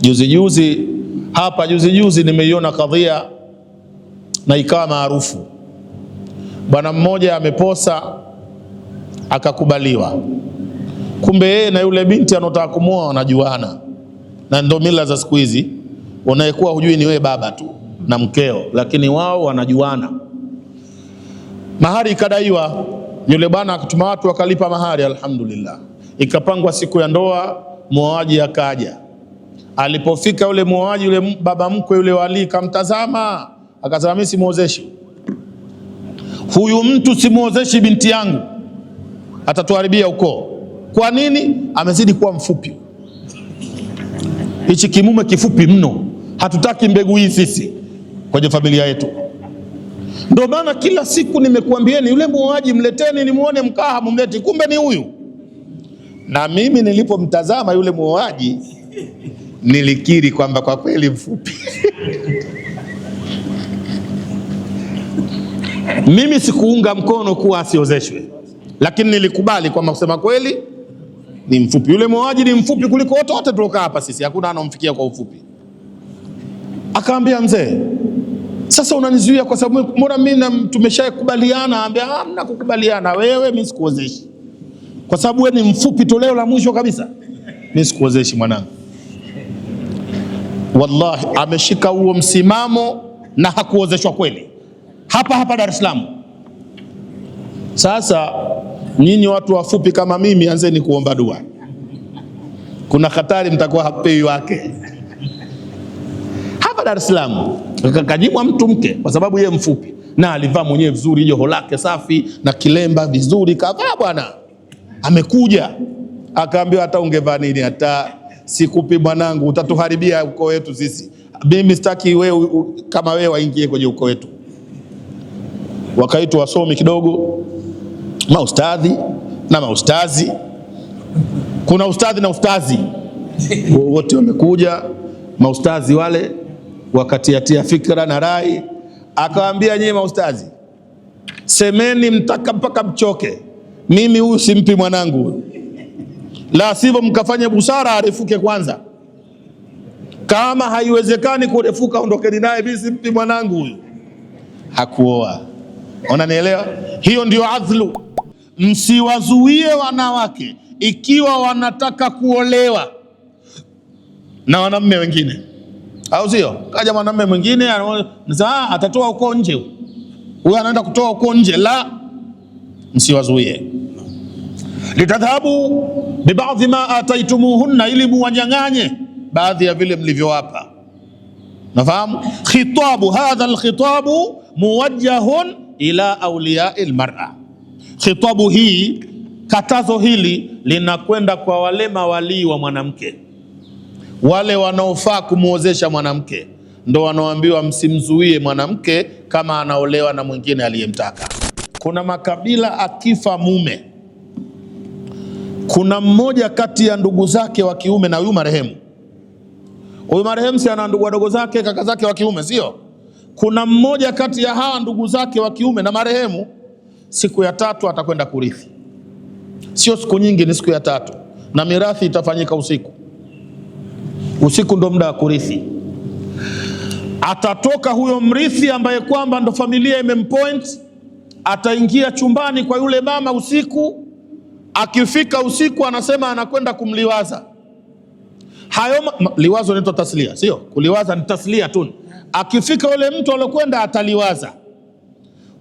Juzi juzi hapa juzi juzi nimeiona kadhia na ikawa maarufu. Bwana mmoja ameposa akakubaliwa, kumbe yeye na yule binti anotaka kumwoa wanajuana, na ndio mila za siku hizi. Unayekuwa hujui ni wewe baba tu na mkeo, lakini wao wanajuana. Mahari ikadaiwa, yule bwana akatuma watu wakalipa mahari, alhamdulillah Ikapangwa siku ya ndoa, muoaji akaja. Alipofika yule muoaji, yule baba mkwe yule wali kamtazama, akasema mimi simuozeshi huyu mtu, simuozeshi binti yangu, atatuharibia ukoo. Kwa nini? Amezidi kuwa mfupi. Hichi kimume kifupi mno, hatutaki mbegu hii sisi kwenye familia yetu. Ndio maana kila siku nimekuambieni, yule muoaji mleteni nimuone, mkaa hamumleti, kumbe ni huyu na mimi nilipomtazama yule muoaji nilikiri kwamba kwa kweli mfupi. Mimi sikuunga mkono kuwa asiozeshwe, lakini nilikubali kwamba kusema kweli ni mfupi. Yule muuaji ni mfupi kuliko wote wote tulokaa hapa sisi, hakuna anamfikia kwa ufupi. Akaambia mzee, sasa unanizuia kwa sababu mbona mimi tumeshakubaliana? Ambia hamna ah, kukubaliana, wewe mimi sikuozeshi kwa sababu wewe ni mfupi, toleo la mwisho kabisa, mimi sikuozeshi mwanangu. Wallahi, ameshika huo msimamo na hakuozeshwa kweli, hapa hapa Dar es Salaam. Sasa nyinyi watu wafupi kama mimi, anzeni kuomba dua, kuna hatari mtakuwa hapewi wake hapa Dar es Salaam. Kakanyimwa mtu mke kwa sababu ye mfupi, na alivaa mwenyewe vizuri, joho lake safi na kilemba vizuri kavaa bwana amekuja akaambiwa, hata ungevaa nini, hata sikupi mwanangu, utatuharibia ukoo wetu sisi. Mimi sitaki wewe kama wewe waingie kwenye ukoo wetu. Wakaitwa wasomi kidogo, maustadhi na maustazi, kuna ustadhi na ustazi wote wamekuja. Maustazi wale wakatiatia fikra na rai, akawaambia nyie maustazi, semeni mtaka mpaka mchoke mimi huyu simpi mwanangu, la sivyo mkafanye busara arefuke kwanza. Kama haiwezekani kurefuka, ondokeni naye, mimi simpi mwanangu huyu. Hakuoa. Unanielewa? Hiyo ndio adhlu. Msiwazuie wanawake ikiwa wanataka kuolewa na wanamme wengine, au sio? Kaja mwanamme mwingine atatoa uko nje, huyo anaenda kutoa uko nje, la msiwazuie. litadhhabu bibadhi ma ataitumuhunna, ili muwanyang'anye baadhi ya vile mlivyowapa. Nafahamu khitabu hadha alkhitabu muwajjahun ila auliyai lmara, khitabu hii katazo hili linakwenda kwa wale mawalii wa mwanamke, wale wanaofaa kumwozesha mwanamke, ndo wanaoambiwa msimzuie mwanamke kama anaolewa na mwingine aliyemtaka kuna makabila akifa mume, kuna mmoja kati ya ndugu zake wa kiume na huyu marehemu huyu marehemu si ana ndugu wadogo zake kaka zake wa kiume sio? Kuna mmoja kati ya hawa ndugu zake wa kiume na marehemu, siku ya tatu atakwenda kurithi, sio siku nyingi, ni siku ya tatu, na mirathi itafanyika usiku. Usiku ndo muda wa kurithi. Atatoka huyo mrithi ambaye kwamba ndo familia imempoint ataingia chumbani kwa yule mama usiku. Akifika usiku, anasema anakwenda kumliwaza hayo. Liwazo inaitwa taslia, sio kuliwaza, ni taslia tu. Akifika yule mtu alokwenda, ataliwaza.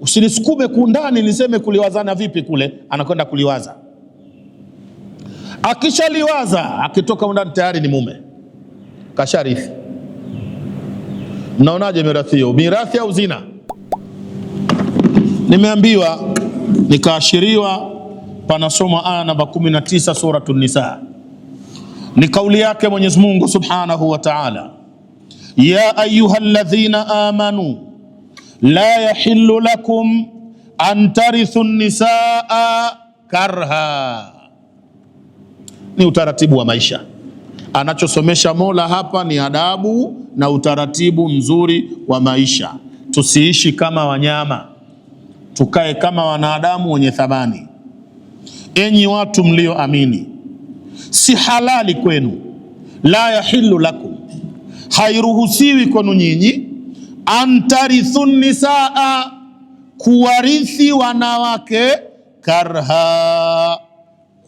Usinisukume kundani niseme kuliwazana vipi, kule anakwenda kuliwaza. Akishaliwaza, akitoka undani, tayari ni mume kasharithi. Mnaonaje mirathi hiyo, mirathi au zina? nimeambiwa nikaashiriwa panasoma aya namba 19 Suratu Nisa. Ni kauli yake Mwenyezi Mungu Subhanahu wa Ta'ala, ya ayuha alladhina amanu la yahillu lakum an tarithu nisaa karha. Ni utaratibu wa maisha. Anachosomesha Mola hapa ni adabu na utaratibu mzuri wa maisha, tusiishi kama wanyama tukae kama wanadamu wenye thamani. Enyi watu mlioamini, si halali kwenu, la yahilu lakum, hairuhusiwi kwenu nyinyi, antarithu nisaa, kuwarithi wanawake, karha,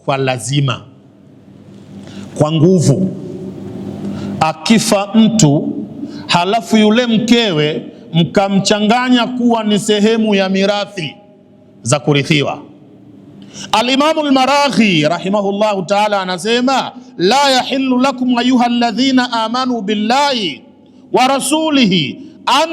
kwa lazima, kwa nguvu. Akifa mtu halafu yule mkewe mkamchanganya kuwa ni sehemu ya mirathi za kurithiwa. Alimamu Lmaraghi rahimahullahu taala anasema la yahilu lakum ayuha alladhina amanu billahi wa rasulihi an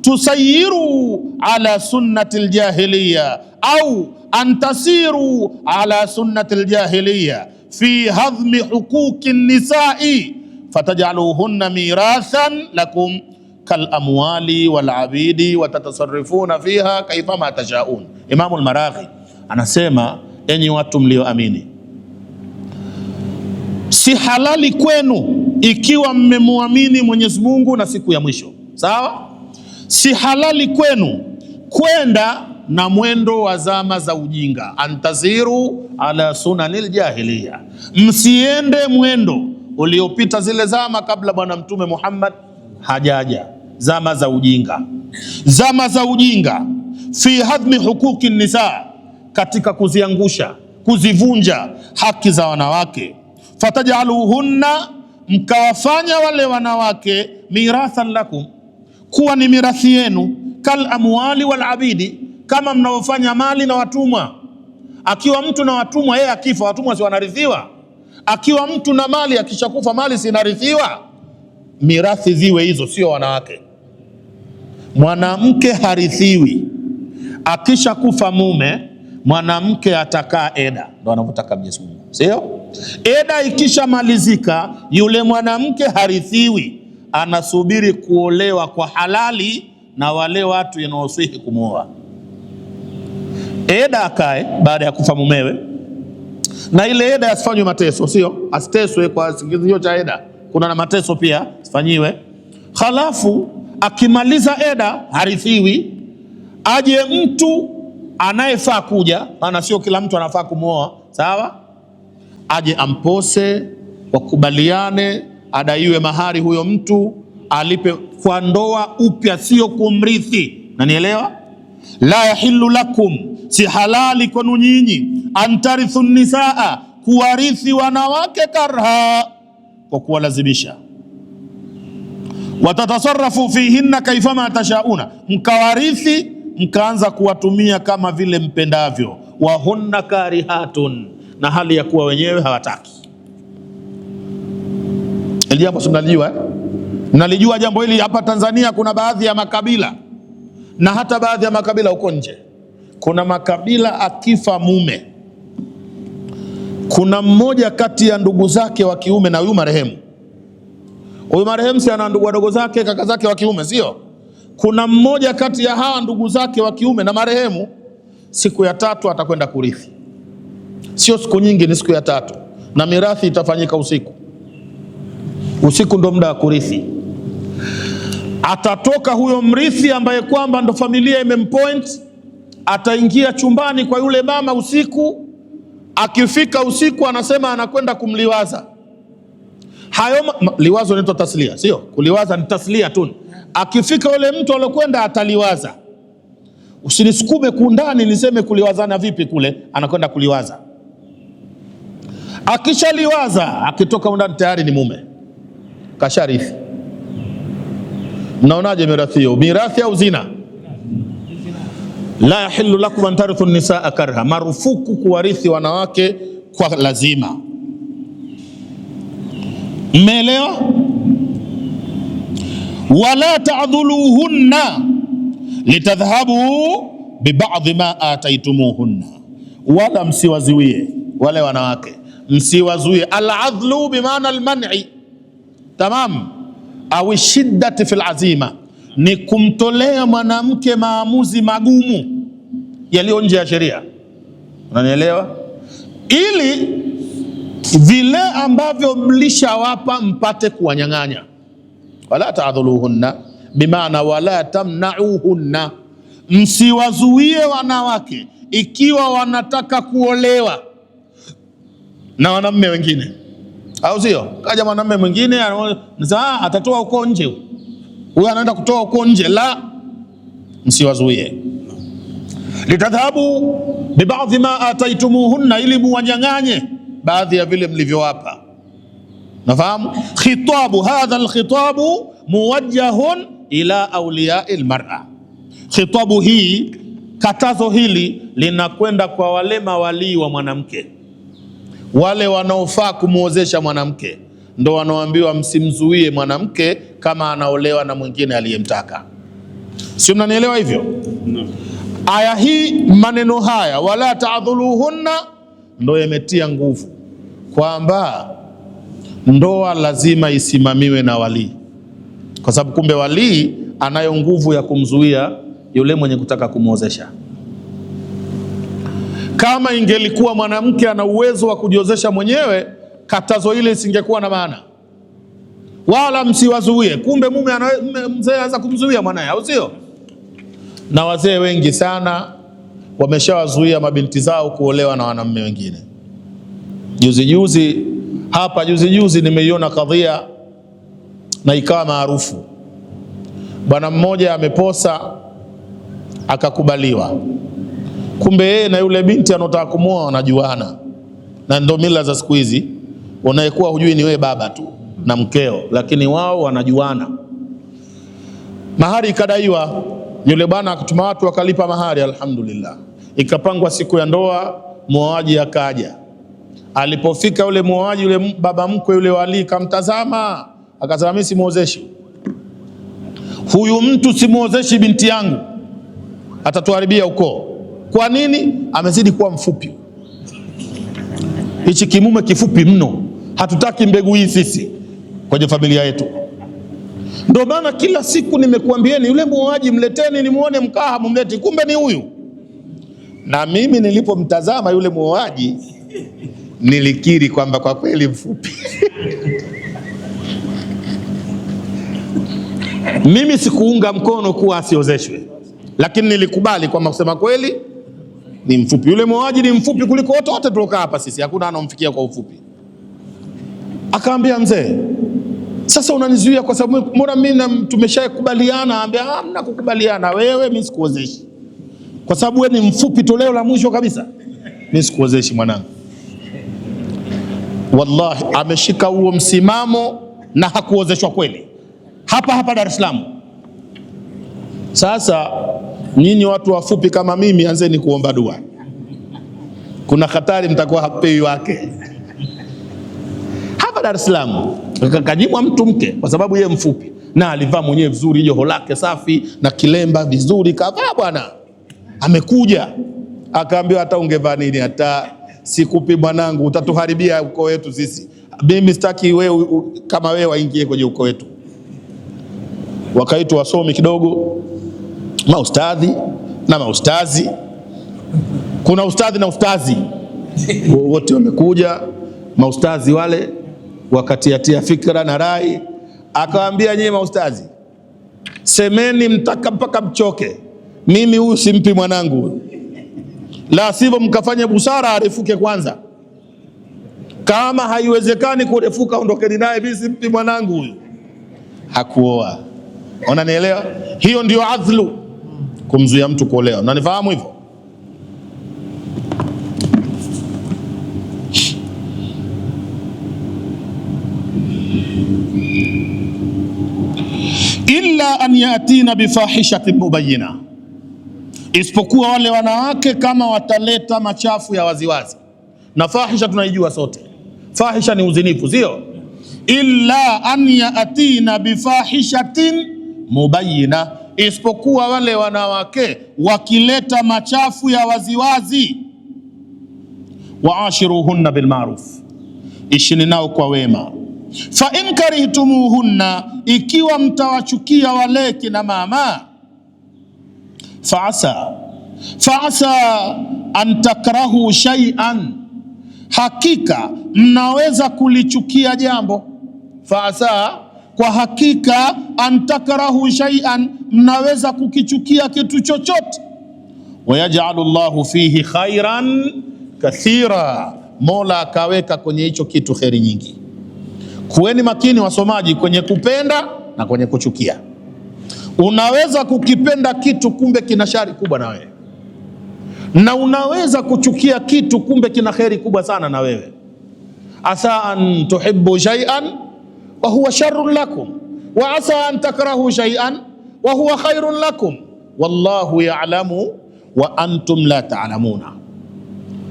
tusayiru ala sunnati ljahiliya au an tasiru ala sunnati ljahiliya fi hadhmi huquqi nisai fatajaluhunna mirathan lakum kal amwali wal abidi watatasarifuna fiha kaifa ma tashaun. Imamu al-Maraghi anasema enyi watu mlioamini, si halali kwenu ikiwa mmemwamini Mwenyezi Mungu na siku ya mwisho. Sawa, si halali kwenu kwenda na mwendo wa zama za ujinga, antaziru ala sunanil jahiliya, msiende mwendo uliopita zile zama kabla Bwana Mtume Muhammad hajaja zama za ujinga, zama za ujinga fi hadmi hukuki nisa, katika kuziangusha kuzivunja haki za wanawake. Fatajaluhunna, mkawafanya wale wanawake mirathan lakum, kuwa ni mirathi yenu, kal amwali wal abidi, kama mnavyofanya mali na watumwa. Akiwa mtu na watumwa, yeye akifa watumwa si wanarithiwa? Akiwa mtu na mali, akishakufa mali si inarithiwa? Mirathi ziwe hizo, sio wanawake mwanamke harithiwi, akisha kufa mume mwanamke atakaa eda, ndo anavyotaka Mwenyezi Mungu, sio eda. Ikishamalizika yule mwanamke harithiwi, anasubiri kuolewa kwa halali na wale watu inaosihi kumwoa. Eda akae baada ya kufa mumewe, na ile eda asifanywe mateso, sio asiteswe kwa kisingizio cha eda. Kuna na mateso pia asifanyiwe, halafu akimaliza eda harithiwi, aje mtu anayefaa kuja, maana sio kila mtu anafaa kumwoa. Sawa, aje ampose, wakubaliane, adaiwe mahari huyo mtu alipe kwa ndoa upya, sio kumrithi. Nanielewa? la yahilu lakum, si halali kwenu nyinyi, antarithu nisaa, kuwarithi wanawake karha, kwa kuwalazimisha watatasarafu fihinna kaifama tashauna, mkawarithi mkaanza kuwatumia kama vile mpendavyo. Wahunna karihatun, na hali ya kuwa wenyewe hawataki. Jambo si mnalijua eh? Mnalijua jambo hili. Hapa Tanzania kuna baadhi ya makabila na hata baadhi ya makabila huko nje, kuna makabila akifa mume, kuna mmoja kati ya ndugu zake wa kiume na huyu marehemu Huyu marehemu si ana ndugu wadogo zake, kaka zake wa kiume, sio? Kuna mmoja kati ya hawa ndugu zake wa kiume na marehemu, siku ya tatu atakwenda kurithi. Sio siku nyingi, ni siku ya tatu, na mirathi itafanyika usiku. Usiku ndo muda wa kurithi. Atatoka huyo mrithi ambaye kwamba ndo familia imempoint, ataingia chumbani kwa yule mama usiku. Akifika usiku, anasema anakwenda kumliwaza hayo liwazo linaitwa taslia, sio kuliwaza, ni taslia tu. Akifika yule mtu alokwenda ataliwaza, usinisukume kundani niseme kuliwazana vipi kule, anakwenda kuliwaza. Akishaliwaza akitoka undani tayari ni mume kasharithi. Mnaonaje mirathi hiyo, mirathi au zina? La yahilu lakum an tarithu nisaa karha, marufuku kuwarithi wanawake kwa lazima Mmeelewa? wala ta'dhuluhunna litadhhabu bibadhi ma ataitumuhunna, wala msiwazuie wale wanawake, msiwazuie. Aladhlu bimaana almani, tamam au shiddati fil azima, ni kumtolea mwanamke maamuzi magumu yaliyo nje ya sheria, unanielewa? ili vile ambavyo mlishawapa mpate kuwanyang'anya. Wala tadhuluhunna bimaana wala tamnauhunna, msiwazuie wanawake ikiwa wanataka kuolewa na wanamme wengine, au sio? Kaja mwanamme mwingine anasema ah, atatoa huko nje, huyo anaenda kutoa huko nje. La, msiwazuie litadhhabu bibadhi ma ataitumuhunna, ili muwanyang'anye baadhi ya vile mlivyowapa. Nafahamu khitabu hadha alkhitabu muwajjahun ila awliyai lmara, khitabu hii, katazo hili linakwenda kwa wale mawalii wa mwanamke, wale wanaofaa kumwozesha mwanamke ndo wanaoambiwa msimzuie mwanamke kama anaolewa na mwingine aliyemtaka. Sio, mnanielewa hivyo? Aya hii maneno haya wala taadhuluhunna ndo yametia nguvu kwamba ndoa lazima isimamiwe na walii, kwa sababu kumbe walii anayo nguvu ya kumzuia yule mwenye kutaka kumwozesha. Kama ingelikuwa mwanamke ana uwezo wa kujiozesha mwenyewe, katazo ile isingekuwa na maana, wala msiwazuie. Kumbe mume mzee anaweza kumzuia mwanaye au sio? Na wazee wengi sana wameshawazuia mabinti zao kuolewa na wanamume wengine. Juzi juzi hapa juzi juzi nimeiona kadhia na ikawa maarufu. Bwana mmoja ameposa akakubaliwa, kumbe yeye na yule binti anotaka kumwoa wanajuana, na ndio mila za siku hizi, unayekuwa hujui ni wewe baba tu na mkeo, lakini wao wanajuana. Mahari ikadaiwa, yule bwana akatuma watu wakalipa mahari, alhamdulillah. Ikapangwa siku ya ndoa, muoaji akaja Alipofika yule muoaji, yule baba mkwe yule wali kamtazama, akasema mimi simuozeshi huyu mtu, simuozeshi binti yangu, atatuharibia ukoo. Kwa nini? Amezidi kuwa mfupi. Hichi kimume kifupi mno, hatutaki mbegu hii sisi kwenye familia yetu. Ndio maana kila siku nimekuambieni, yule muoaji mleteni nimuone, mkaa hamumleti, kumbe ni huyu. Na mimi nilipomtazama yule muoaji nilikiri kwamba kwa kweli mfupi mimi sikuunga mkono kuwa asiozeshwe, lakini nilikubali kwamba kusema kweli ni mfupi. Yule mwaji ni mfupi kuliko wote wote tulokaa hapa sisi, hakuna anamfikia kwa ufupi. Akaambia mzee, sasa unanizuia kwa sababu mbona mimi tumeshakubaliana? Ambia ah, hamna kukubaliana, wewe mimi sikuozeshi kwa sababu wewe ni mfupi, toleo la mwisho kabisa, mimi sikuozeshi mwanangu wallahi, ameshika huo msimamo na hakuozeshwa kweli, hapa hapa Dar es Salaam. Sasa nyinyi watu wafupi kama mimi, anzeni kuomba dua, kuna hatari mtakuwa hapewi wake hapa Dar es Salaam. Kajimwa mtu mke kwa sababu yeye mfupi na alivaa mwenyewe vizuri, joho lake safi na kilemba vizuri kavaa bwana, amekuja akaambiwa hata ungevaa nini hata sikupi bwanangu, utatuharibia ukoo wetu sisi. Mimi sitaki wewe kama wewe waingie kwenye ukoo wetu. Wakaitwa wasomi kidogo, maustadhi na maustazi, kuna ustadhi na ustazi wote wamekuja. Maustazi wale wakatiatia fikra na rai, akawaambia nyie maustazi, semeni mtaka mpaka mchoke, mimi huyu simpi mwanangu huyu la sivyo mkafanye busara arefuke kwanza. Kama haiwezekani kurefuka, ondokeni naye, bisi mpi mwanangu huyu, hakuoa. nielewa Hiyo ndio adhlu, kumzuia mtu kuolewa. nanifahamu hivyo? illa an yatina bifahishatin mubayina isipokuwa wale wanawake kama wataleta machafu ya waziwazi. Na fahisha tunaijua sote, fahisha ni uzinifu, sio? Illa an yatina bifahishatin mubayina, isipokuwa wale wanawake wakileta machafu ya waziwazi. Waashiruhunna bilmaruf, ishini nao kwa wema. Fa in karihtumuhunna, ikiwa mtawachukia wale kina mama faasa faasa an takrahu shay'an, hakika mnaweza kulichukia jambo. Faasa, kwa hakika, an takrahu shay'an, mnaweza kukichukia kitu chochote. Wayajalu llahu fihi khairan kathira, Mola akaweka kwenye hicho kitu kheri nyingi. Kuweni makini wasomaji, kwenye kupenda na kwenye kuchukia. Unaweza kukipenda kitu kumbe kina shari kubwa na wewe, na unaweza kuchukia kitu kumbe kina kheri kubwa sana na wewe. Asa an tuhibbu shay'an wa huwa sharrun lakum wa asa an takrahu shay'an wa huwa khairun lakum wallahu ya'lamu wa antum la ta'lamuna.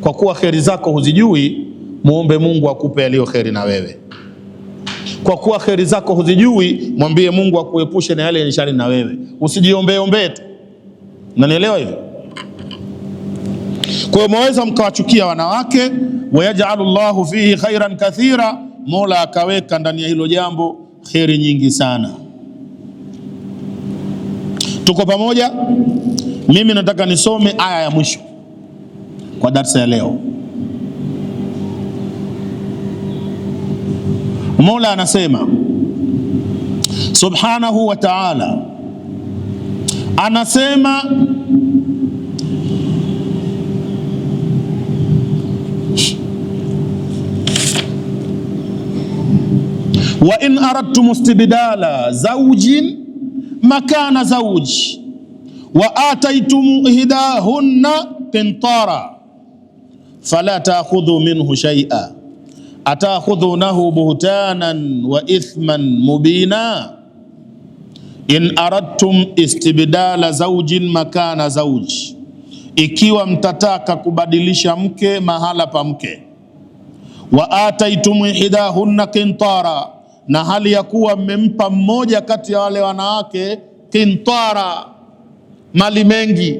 Kwa kuwa kheri zako huzijui, muombe Mungu akupe aliyo kheri na wewe. Kwa kuwa kheri zako huzijui, mwambie Mungu akuepushe na yale nishani na wewe, usijiombeeombee tu. Nanielewa hivyo? Kwa hiyo mwaweza mkawachukia wanawake, wayajalu llahu fihi khairan kathira, Mola akaweka ndani ya hilo jambo kheri nyingi sana. Tuko pamoja? Mimi nataka nisome aya ya mwisho kwa darsa ya leo. Mola anasema subhanahu wa ta'ala, anasema wa in aradtum istibdala zawjin makana zawji wa ataytum ihdahunna qintara fala ta'khudhu minhu shay'a atakhudhunahu buhtanan wa ithman mubina in aradtum istibdala zaujin makana zauji, ikiwa mtataka kubadilisha mke mahala pa mke. Wa ataitum ihdahunna qintara, na hali ya kuwa mmempa mmoja kati ya wale wanawake qintara, mali mengi.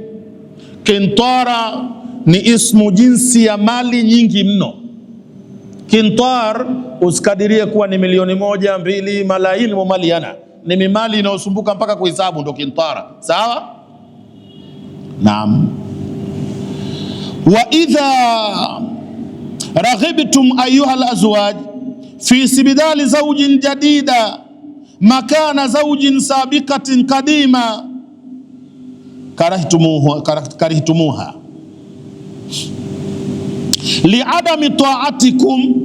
Qintara ni ismu jinsi ya mali nyingi mno Kintar usikadirie kuwa ni milioni moja mbili, malaini ilmu maliana ni mimali inayosumbuka mpaka kuhesabu, ndo kintara. Sawa, naam. Wa idha raghibtum ayuha alazwaj fi sibidali zawjin jadida makana zawjin sabiqatin kadima karahtumuha, karahtumuha liadami taatikum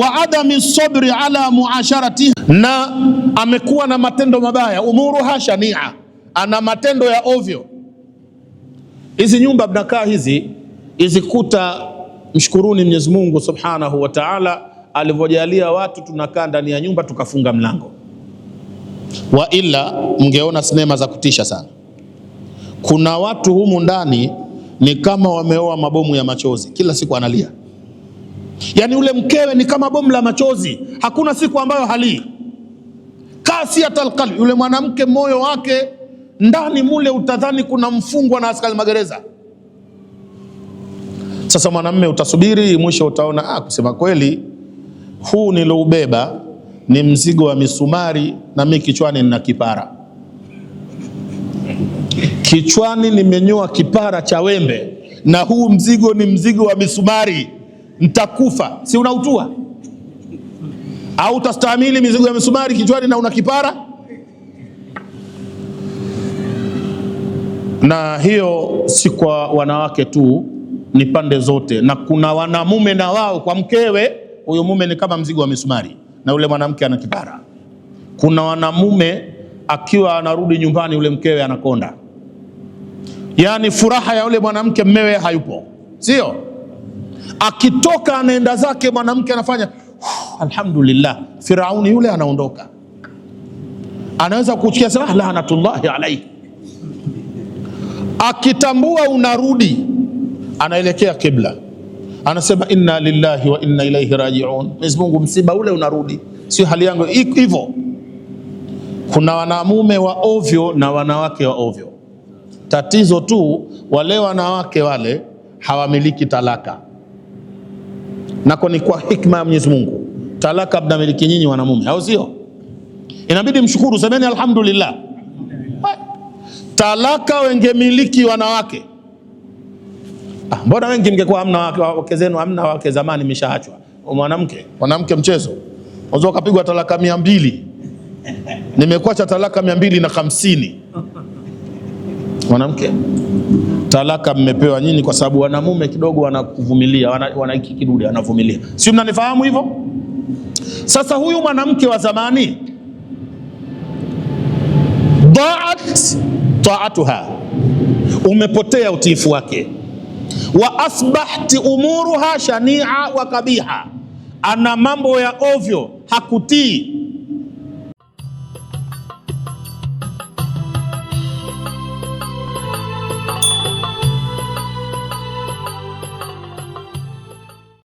wa adami sabri ala muasharati na amekuwa na matendo mabaya. Umuruha shania, ana matendo ya ovyo. Hizi nyumba mnakaa hizi hizi kuta, mshukuruni Mwenyezi Mungu subhanahu wa taala alivyojalia watu tunakaa ndani ya nyumba tukafunga mlango, wa ila mngeona sinema za kutisha sana. Kuna watu humu ndani ni kama wameoa mabomu ya machozi, kila siku analia. Yaani ule mkewe ni kama bomu la machozi, hakuna siku ambayo halii. Kasiatal qalbi, yule mwanamke moyo wake ndani mule utadhani kuna mfungwa na askari magereza. Sasa mwanamme utasubiri mwisho, utaona ah, kusema kweli huu niloubeba ni mzigo wa misumari na mi kichwani nina kipara Kichwani nimenyoa kipara cha wembe, na huu mzigo ni mzigo wa misumari, ntakufa. Si unautua au utastahimili mizigo ya misumari kichwani na una kipara? Na hiyo si kwa wanawake tu, ni pande zote, na kuna wanamume na wao kwa mkewe. Huyo mume ni kama mzigo wa misumari, na yule mwanamke ana kipara. Kuna wanamume akiwa anarudi nyumbani, yule mkewe anakonda yaani furaha ya yule mwanamke, mmewe hayupo, sio? Akitoka anaenda zake, mwanamke anafanya alhamdulillah. Firauni yule anaondoka, anaweza kuchukia sana, ah, laanatullahi alaihi. Akitambua unarudi, anaelekea kibla, anasema inna lillahi wa inna ilaihi rajiun. Mwenyezi Mungu, msiba ule unarudi, sio hali yangu hivyo. Kuna wanamume wa ovyo na wanawake wa ovyo Tatizo tu wale wanawake wale hawamiliki talaka, nako ni kwa hikma ya Mwenyezi Mungu. Talaka mnamiliki nyinyi wanamume, au sio? Inabidi mshukuru, semeni alhamdulillah. Talaka wengemiliki wanawake ah, mbona wengi mngekuwa hamna wake zenu, hamna wake zamani, mishaachwa mwanamke. Mwanamke mchezo unaweza ukapigwa talaka mia mbili nimekuacha talaka mia mbili na hamsini mwanamke talaka mmepewa nyinyi, kwa sababu wanamume kidogo wanakuvumilia, wana, hiki kidude, wanavumilia, si mnanifahamu hivyo? Sasa huyu mwanamke wa zamani daat taatuha, umepotea utiifu wake, wa asbahti umuruha shania wa kabiha, ana mambo ya ovyo, hakutii